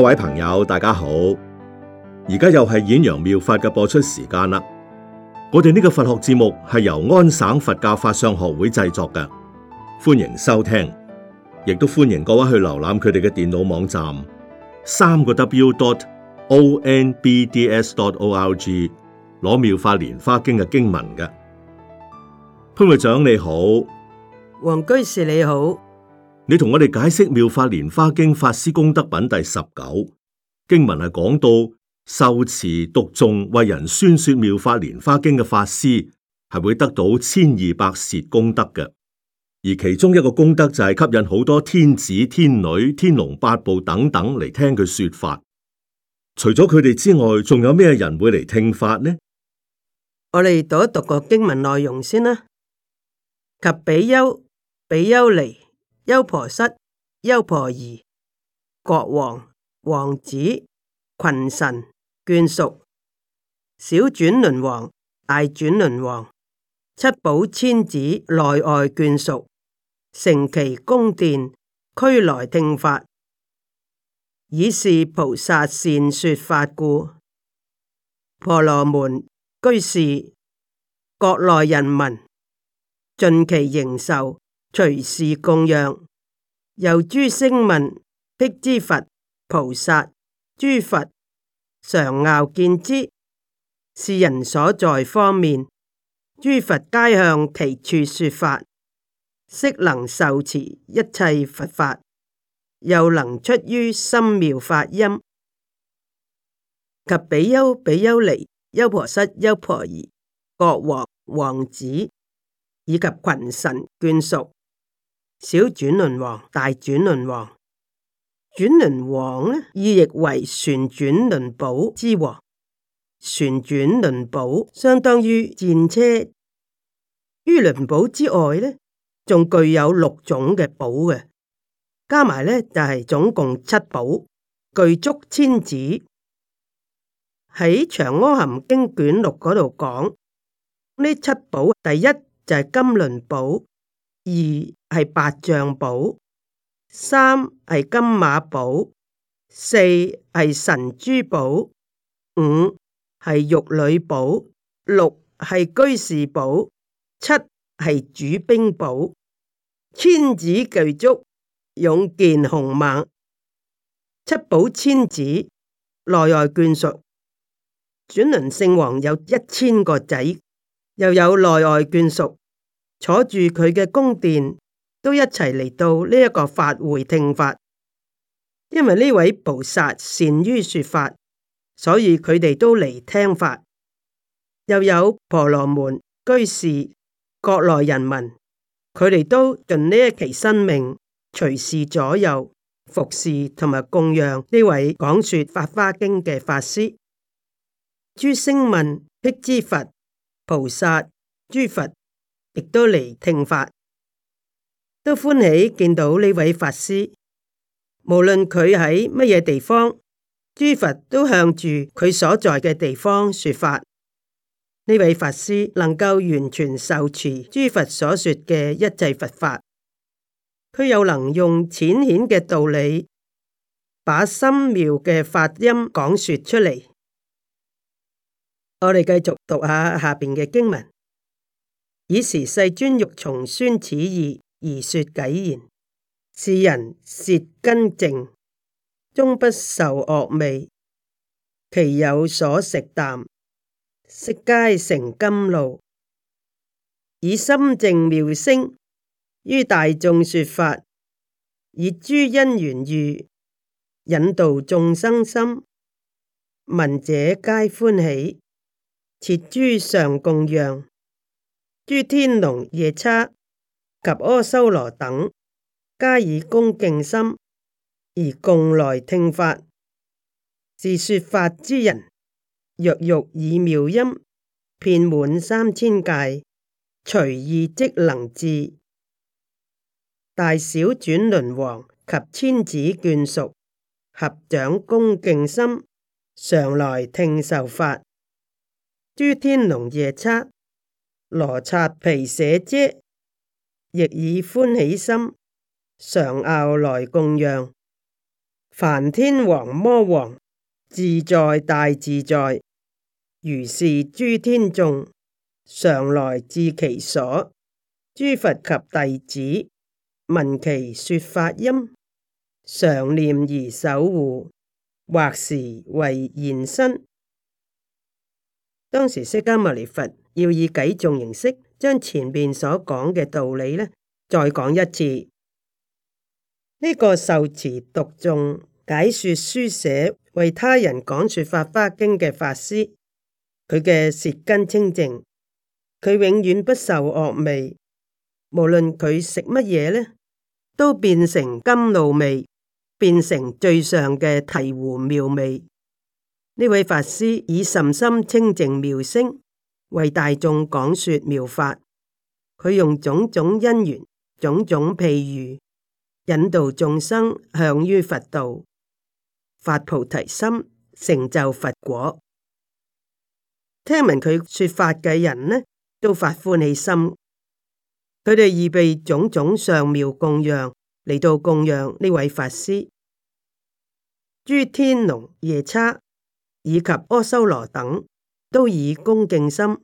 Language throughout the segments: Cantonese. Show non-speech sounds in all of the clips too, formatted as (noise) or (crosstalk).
各位朋友，大家好！而家又係演揚妙法嘅播出時間啦。我哋呢個佛學節目係由安省佛教法相學會製作嘅，歡迎收聽，亦都歡迎各位去瀏覽佢哋嘅電腦網站，三個 W dot O N B D S dot O R G 攞妙法蓮華經嘅經文嘅。潘會長你好，黃居士你好。你同我哋解釋《妙法蓮花經》法師功德品第十九，經文係講到，受持讀誦、為人宣說妙法蓮花經嘅法師係會得到千二百舌功德嘅，而其中一個功德就係吸引好多天子、天女、天龍八部等等嚟聽佢說法。除咗佢哋之外，仲有咩人會嚟聽法呢？我哋讀一讀個經文內容先啦。及比丘、比丘尼。優婆塞、優婆夷、國王、王子、群臣眷屬、小轉輪王、大轉輪王、七寶千子內外眷屬、乘其宮殿，俱來聽法，以是菩薩善說法故，婆羅門居士、國內人民盡其形壽。隨時供養，由諸聲聞、辟支佛、菩薩、諸佛常遙見之，是人所在方面，諸佛皆向其處說法，悉能受持一切佛法，又能出於深妙法音，及比丘、比丘尼、優婆塞、優婆夷、國王、王子以及群臣眷屬。小轉輪王、大轉輪王、轉輪王呢，意譯為旋轉輪寶之王。旋轉輪寶相當於戰車。於輪寶之外呢，仲具有六種嘅寶嘅，加埋呢，就係、是、總共七寶：具足千子。喺《長阿含經卷六》嗰度講呢七寶，第一就係金輪寶。二係白象寶，三係金馬寶，四係神珠寶，五係玉女寶，六係居士寶，七係主兵寶，千子巨足勇健雄猛，七寶千子內外眷屬，轉輪聖王有一千個仔，又有內外眷屬。坐住佢嘅宮殿，都一齊嚟到呢一個法會聽法，因為呢位菩薩善於說法，所以佢哋都嚟聽法。又有婆羅門、居士、國內人民，佢哋都盡呢一期生命，隨時左右服侍同埋供養呢位講說《法華經》嘅法師。諸聲聞、辟支佛、菩薩、諸佛。亦都嚟聽法，都歡喜見到呢位法師。無論佢喺乜嘢地方，諸佛都向住佢所在嘅地方說法。呢位法師能夠完全受持諸佛所說嘅一切佛法，佢又能用淺顯嘅道理，把深妙嘅法音講說出嚟。我哋繼續讀下下邊嘅經文。以時世尊欲重宣此義而說偈言：是人舌根淨，終不受惡味；其有所食啖，食皆成甘露。以心淨妙聲，於大眾說法，以諸因緣喻，引導眾生心，聞者皆歡喜，設諸上供養。諸天龍夜叉及阿修羅等，加以恭敬心而共來聽法，是說法之人。若欲以妙音遍滿三千界，隨意即能至。大小轉輪王及千子眷屬合掌恭敬心，常來聽受法。諸天龍夜叉。羅剎皮舍遮，亦以歡喜心，常拗來供養，梵天王魔王自在大自在，如是諸天眾，常來至其所，諸佛及弟子聞其說法音，常念而守護，或時為現身。當時釋迦牟尼佛。要以偈誦形式將前面所講嘅道理咧，再講一次。呢個受持讀誦解說書寫為他人講說法華經嘅法師，佢嘅舌根清淨，佢永遠不受惡味。無論佢食乜嘢咧，都變成甘露味，變成最上嘅醍醐妙味。呢位法師以甚深清淨妙聲，為大眾講說妙法，佢用種種因緣、種種譬喻，引導眾生向於佛道，發菩提心，成就佛果。聽聞佢說法嘅人呢，都發歡喜心，佢哋預備種種上妙供養嚟到供養呢位法師，諸天龍夜叉以及阿修羅等。都以恭敬心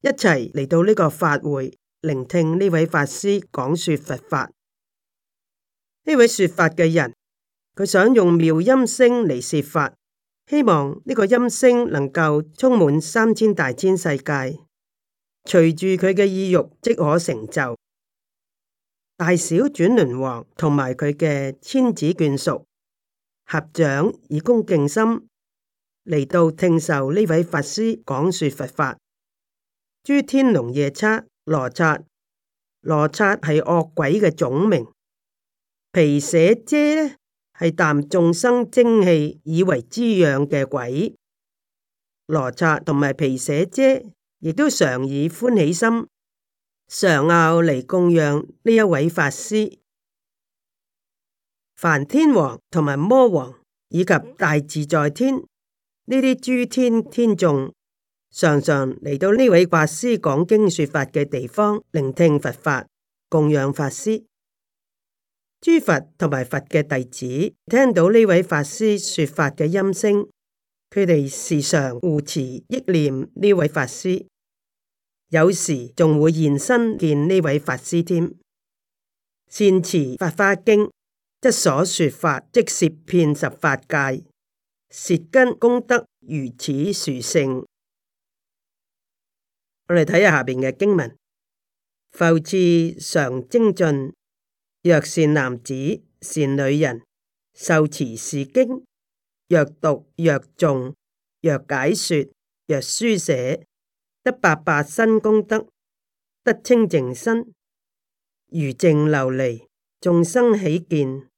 一齊嚟到呢個法會，聆聽呢位法師講說佛法。呢位說法嘅人，佢想用妙音聲嚟說法，希望呢個音聲能夠充滿三千大千世界，隨住佢嘅意欲即可成就。大小轉輪王同埋佢嘅千子眷屬，合掌以恭敬心。嚟到聽受呢位法師講說佛法，諸天龍、夜叉、羅剎，羅剎係惡鬼嘅種名，皮舍遮呢係啖眾生精氣以為滋養嘅鬼，羅剎同埋皮舍遮亦都常以歡喜心常拗嚟供養呢一位法師，梵天王同埋魔王以及大自在天。呢啲諸天天眾常常嚟到呢位法師講經說法嘅地方聆聽佛法，供養法師。諸佛同埋佛嘅弟子聽到呢位法師說法嘅音聲，佢哋時常互持憶念呢位法師，有時仲會現身見呢位法師添。善持法花經，則所說法即涉遍十法界。舌根功德如此殊勝，我哋睇下下邊嘅經文。復次常精進，若善男子善女人，受持是經，若讀若誦，若解說，若書寫，得八百身功德，得清淨身，如淨琉璃，眾生喜見，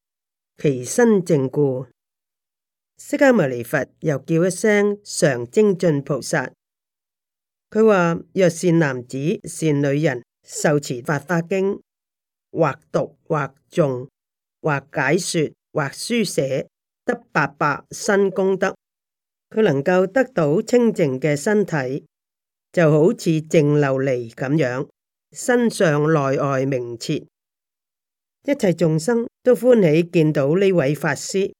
其身淨故。釋迦牟尼佛又叫一聲常精進菩薩，佢話：若善男子、善女人，受持法法經，或讀或誦，或解說，或書寫，得八百身功德。佢能夠得到清淨嘅身體，就好似淨琉璃咁樣，身上內外明澈，一切眾生都歡喜見到呢位法師。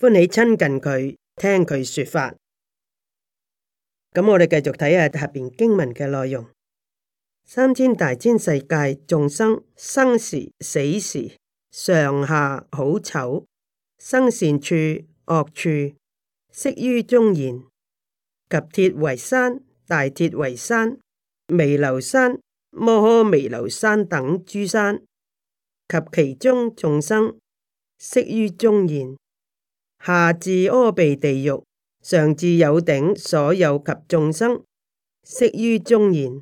歡喜親近佢，聽佢說法。咁我哋繼續睇下下邊經文嘅內容。三千大千世界眾生，生時死時，上下好醜，生善處惡處，悉於中現、及鐵圍山、大鐵圍山、彌樓山、摩訶彌樓山等諸山，及其中眾生，悉於中現。」下至阿鼻地獄，上至有頂，所有及眾生，悉於中現。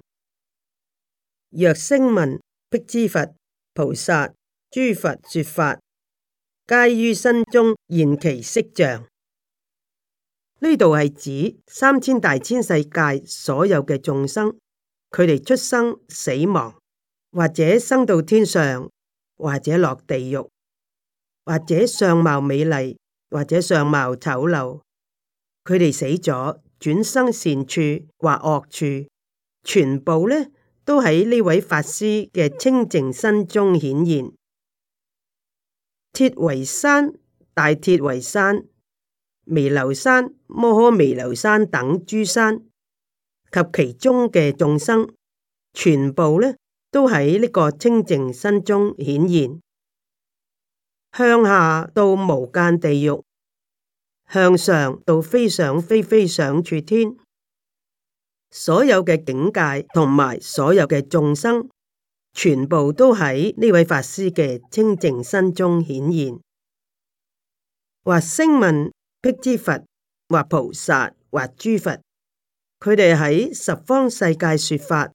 若聲聞、辟支佛、菩薩、諸佛說法，皆於身中現其色像。呢度係指三千大千世界所有嘅眾生，佢哋出生、死亡，或者生到天上，或者落地獄，或者相貌美麗。或者相貌醜陋，佢哋死咗，轉生善處或惡處，全部咧都喺呢位法師嘅清淨身中顯現。鐵圍山、大鐵圍山、彌樓山、摩訶彌樓山等諸山及其中嘅眾生，全部咧都喺呢個清淨身中顯現。向下到無間地獄，向上到非想非非想處天，所有嘅境界同埋所有嘅眾生，全部都喺呢位法師嘅清淨身中顯現。或聲聞、辟支佛、或菩薩、或諸佛，佢哋喺十方世界說法，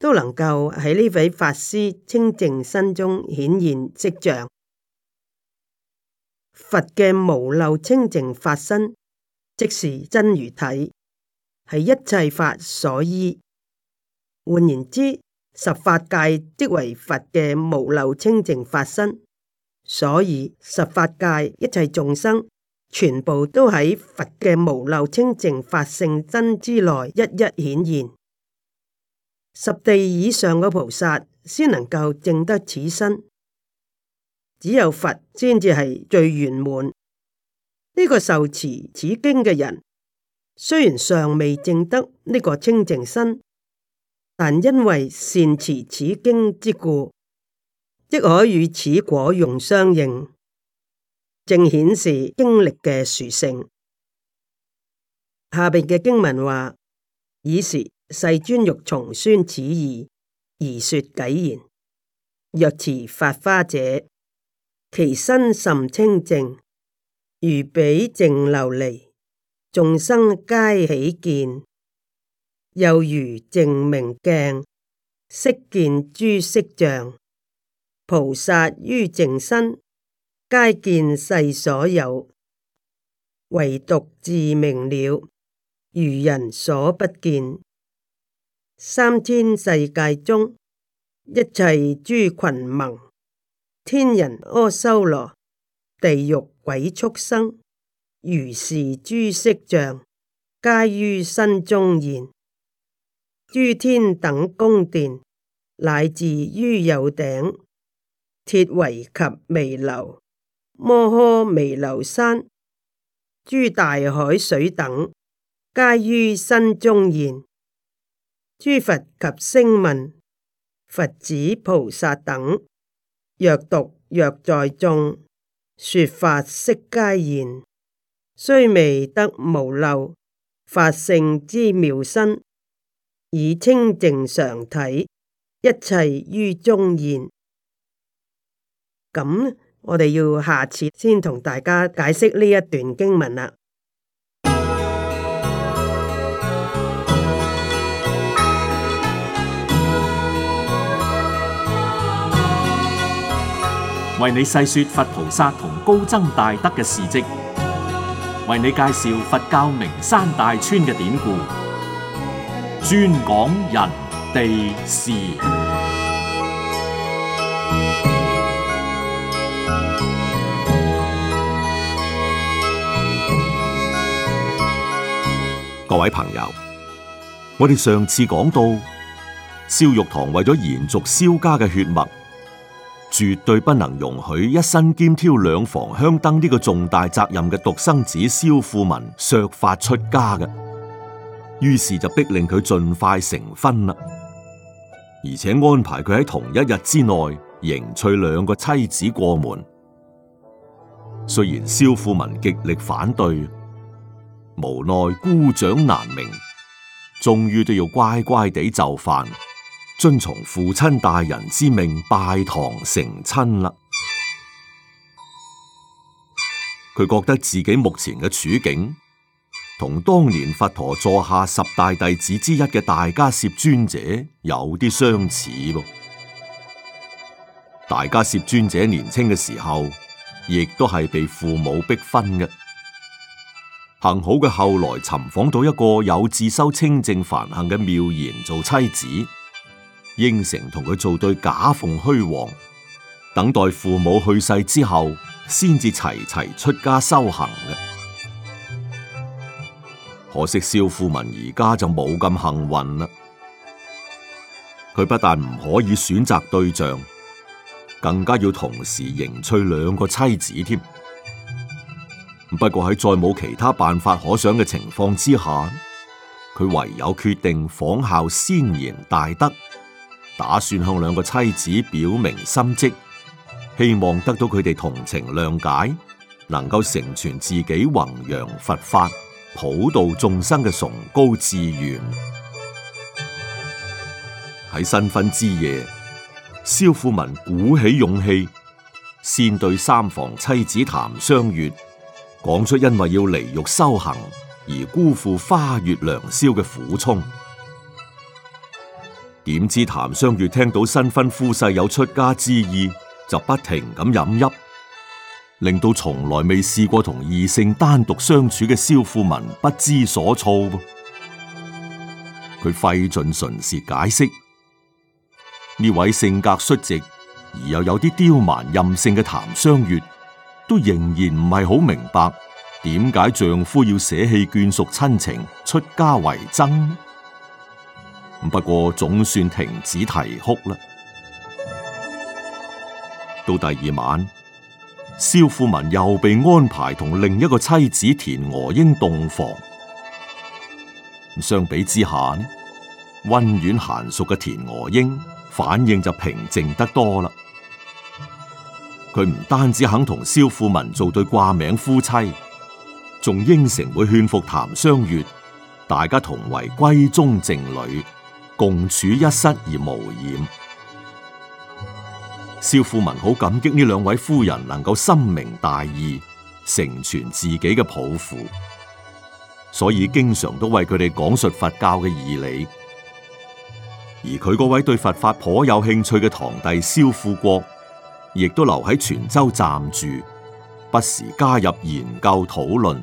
都能夠喺呢位法師清淨身中顯現色像。佛嘅無漏清淨法身，即是真如體，係一切法所依。換言之，十法界即為佛嘅無漏清淨法身，所以十法界一切眾生，全部都喺佛嘅無漏清淨法性真之內一一顯現。十地以上嘅菩薩，先能夠證得此身。只有佛先至係最圓滿。呢個受持此經嘅人，雖然尚未證得呢個清淨身，但因為善持此經之故，亦可與此果用相應，正顯示經歷嘅殊勝。下邊嘅經文話：爾時世尊欲重宣此意，而說偈言：若持法花者，其身甚清淨，如彼淨琉璃，眾生皆喜見，又如淨明鏡，悉見諸色像，菩薩於淨身，皆見世所有，唯獨自明了，如人所不見。三千世界中，一切諸群萌。天人阿修羅、地獄鬼畜生、如是諸色像皆於身中現；諸天等宮殿，乃至於有頂、鐵圍及彌樓、摩訶彌樓山、諸大海水等，皆於身中現；諸佛及聲聞、佛子菩薩等。若獨若在眾，說法悉皆現。雖未得無漏，法性之妙身，以清淨常體，一切於中現。咁，我哋要下次先同大家解釋呢一段經文啦。為你細說佛菩薩同高僧大德嘅事跡，為你介紹佛教名山大川嘅典故，專講人地事。各位朋友，我哋上次講到，蕭玉堂為咗延續蕭家嘅血脈。絕對不能容許一身兼挑兩房香燈呢個重大責任嘅獨生子蕭富民削髮出家嘅，於是就逼令佢盡快成婚啦，而且安排佢喺同一日之內迎娶兩個妻子過門。雖然蕭富民極力反對，無奈孤掌難鳴，終於都要乖乖地就範。遵從父親大人之命拜堂成親啦。佢覺得自己目前嘅處境，同當年佛陀座下十大弟子之一嘅大迦葉尊者有啲相似。大迦葉尊者年輕嘅時候，亦都係被父母逼婚嘅。幸好嘅後來尋訪到一個有自修清淨梵行嘅妙賢做妻子。應承同佢做對假鳳虛凰，等待父母去世之後，先至齊齊出家修行嘅。可惜蕭富民而家就冇咁幸運啦。佢不但唔可以選擇對象，更加要同時迎娶兩個妻子添。不過喺再冇其他辦法可想嘅情況之下，佢唯有決定仿效先賢大德。打算向兩個妻子表明心迹，希望得到佢哋同情諒解，能夠成全自己弘揚佛法、普度眾生嘅崇高志願。喺新婚之夜，蕭富民鼓起勇氣，先對三房妻子談相悅，講出因為要離欲修行而辜負花月良宵嘅苦衷。點知譚湘月聽到新婚夫婿有出家之意，就不停咁飲泣，令到從來未試過同異性單獨相處嘅蕭富民不知所措。佢費盡唇舌解釋，呢位性格率直而又有啲刁蠻任性嘅譚湘月，都仍然唔係好明白點解丈夫要捨棄眷屬親情出家為僧。不過總算停止啼哭啦。到第二晚，蕭富民又被安排同另一個妻子田娥英洞房。相比之下呢，溫婉嫻淑嘅田娥英反應就平靜得多啦。佢唔單止肯同蕭富民做對掛名夫妻，仲應承會勸服譚雙月，大家同為閨中靜女。共處一室而無染，蕭富民好感激呢兩位夫人能夠深明大義，成全自己嘅抱負，所以經常都為佢哋講述佛教嘅義理。而佢嗰位對佛法頗有興趣嘅堂弟蕭富國，亦都留喺泉州暫住，不時加入研究討論。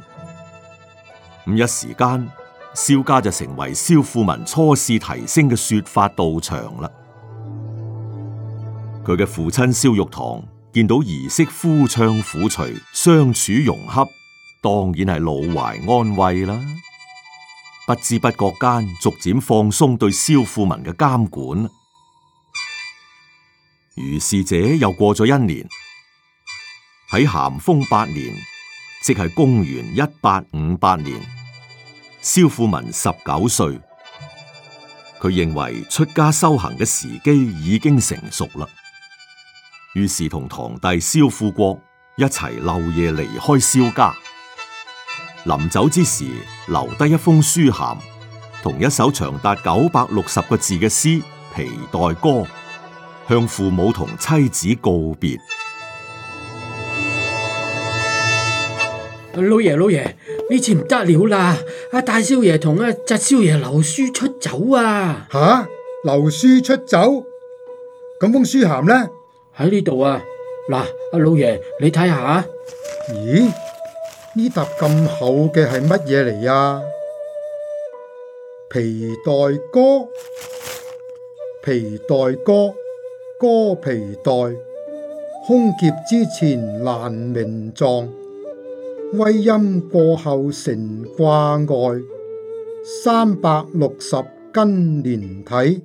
五一時間。蕭家就成為蕭富文初試提升嘅說法道場啦。佢嘅父親蕭玉堂見到兒媳夫唱婦隨相處融洽，當然係老懷安慰啦。不知不覺間，逐漸放鬆對蕭富文嘅監管。於是者又過咗一年，喺咸豐八年，即係公元一八五八年。蕭富文十九歲，佢認為出家修行嘅時機已經成熟啦，於是同堂弟蕭富國一齊漏夜離開蕭家。臨走之時，留低一封書函，同一首長達九百六十個字嘅詩《皮袋歌》，向父母同妻子告別。老爺，老爺。呢次唔得了啦！阿大少爺同阿侄少爺留書出走啊！吓、啊，留書出走，咁封書函呢？喺呢度啊！嗱、啊，阿老爺你睇下咦，呢沓咁厚嘅係乜嘢嚟啊？皮袋歌，皮袋歌，歌皮袋，空劫之前難名狀。威音過後成卦外，三百六十根連體，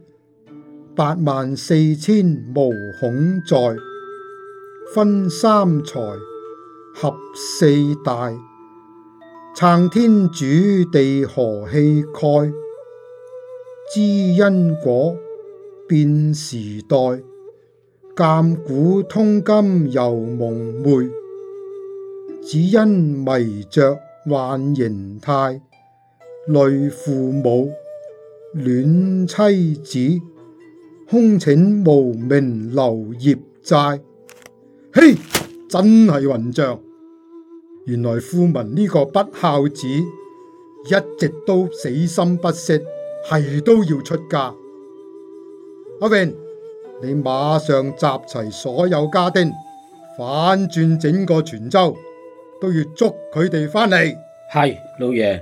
八萬四千毛孔在，分三才，合四大，撐天主地何氣概？知因果，變時代，鑒古通今猶蒙昧。只因迷着幻形態，累父母、戀妻子，空請無名留業債。嘿，真係混賬！原來富民呢個不孝子，一直都死心不息，係都要出家。阿炳，你馬上集齊所有家丁，反轉整個泉州。都要捉佢哋翻嚟，係老爺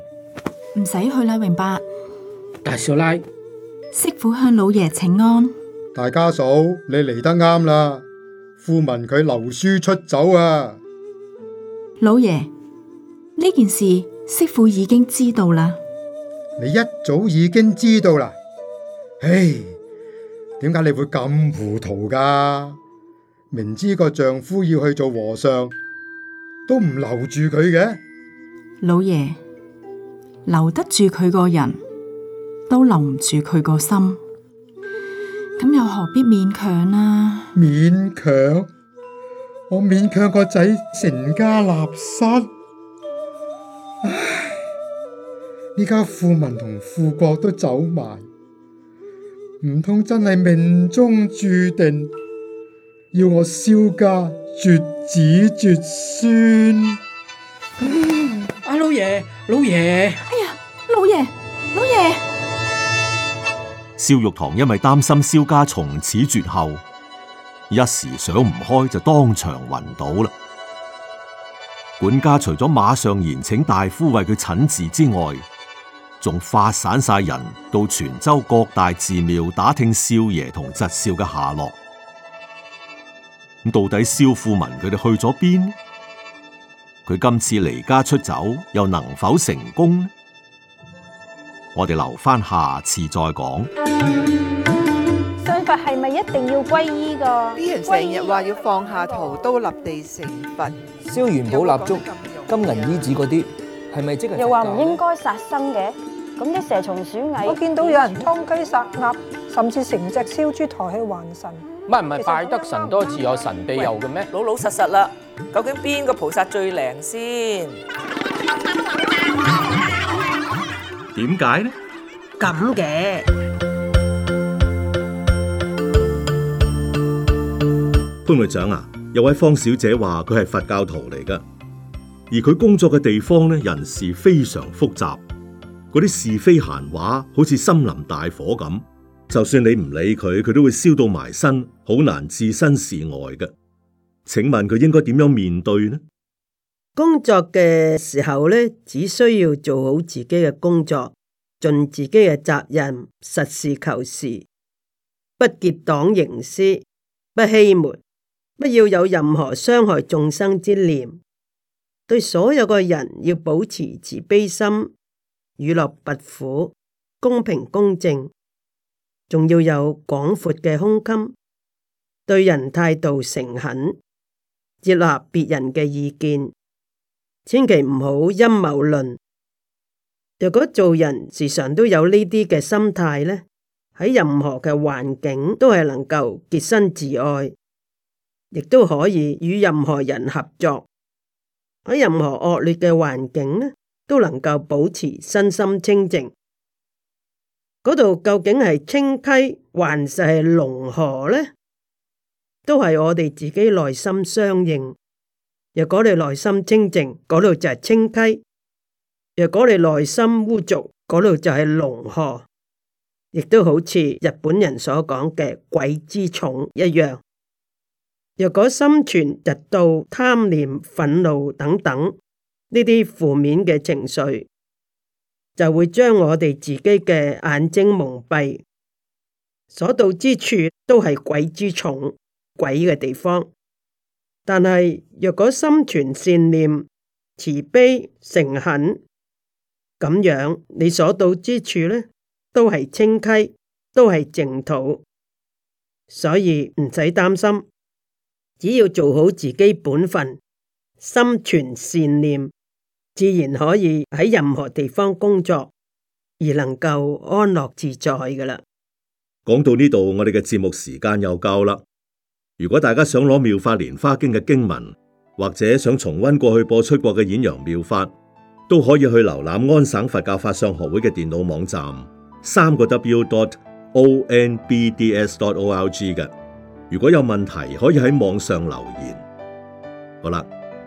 唔使去啦，榮伯。大少奶，媳婦向老爺請安。大家嫂，你嚟得啱啦。富文佢留書出走啊！老爺，呢件事，媳婦已經知道啦。你一早已經知道啦。唉，點解你會咁糊塗噶？明知個丈夫要去做和尚。都唔留住佢嘅？老爺留得住佢個人，都留唔住佢個心，咁又何必勉強呢？勉強，我勉強個仔成家立室，唉，呢家富民同富國都走埋，唔通真係命中注定要我蕭家絕子絕孫，阿老爺，老爺，老爺，哎呀，老爺，老爺。蕭玉堂因為擔心蕭家從此絕後，一時想唔開就當場暈倒啦。管家除咗馬上延請大夫為佢診治之外，仲發散晒人到泉州各大寺廟打聽少爺同侄少嘅下落。咁到底蕭富民佢哋去咗邊？佢今次離家出走又能否成功呢？我哋留翻下，下次再講。信佛係咪一定要皈依噶？啲人成日話要放下屠刀立地成佛，燒元寶蠟燭、金銀衣紙嗰啲，係咪、嗯、即係？又話唔應該殺生嘅，咁啲蛇蟲鼠蟻，我見到有人殺雞殺鴨，甚至成隻燒豬抬去還神。唔唔係，拜得神多自有神庇佑嘅咩？老老實實啦，究竟邊個菩薩最靈先？點解 (noise) 呢？咁嘅，潘會長啊，有位方小姐話佢係佛教徒嚟噶，而佢工作嘅地方咧，人事非常複雜，嗰啲是非閒話好似森林大火咁。就算你唔理佢，佢都會燒到埋身，好難置身事外嘅。請問佢應該點樣面對呢？工作嘅時候咧，只需要做好自己嘅工作，盡自己嘅責任，實事求是，不結黨營私，不欺瞞，不要有任何傷害眾生之念。對所有嘅人要保持慈悲心，與樂拔苦，公平公正。仲要有廣闊嘅胸襟，對人態度誠懇，接納別人嘅意見，千祈唔好陰謀論。如果做人時常都有呢啲嘅心態咧，喺任何嘅環境都係能夠潔身自愛，亦都可以與任何人合作。喺任何惡劣嘅環境咧，都能夠保持身心清淨。嗰度究竟係清溪還是係龍河呢？都係我哋自己內心相應。若果你內心清淨，嗰度就係清溪；若果你內心污濁，嗰度就係龍河。亦都好似日本人所講嘅「鬼之重」一樣。若果心存嫉妒、貪念、憤怒等等呢啲負面嘅情緒，就會將我哋自己嘅眼睛蒙蔽，所到之處都係鬼之重、鬼嘅地方。但係，若果心存善念、慈悲、誠懇，咁樣你所到之處咧，都係清溪，都係淨土。所以唔使擔心，只要做好自己本分，心存善念。自然可以喺任何地方工作，而能夠安樂自在嘅啦。講到呢度，我哋嘅節目時間又夠啦。如果大家想攞《妙法蓮花經》嘅經文，或者想重溫過去播出過嘅演揚妙法，都可以去瀏覽安省佛教，教法相學會嘅電腦網站，三個 w.dot.o.n.b.d.s.dot.o.r.g 嘅。如果有問題，可以喺網上留言。好啦。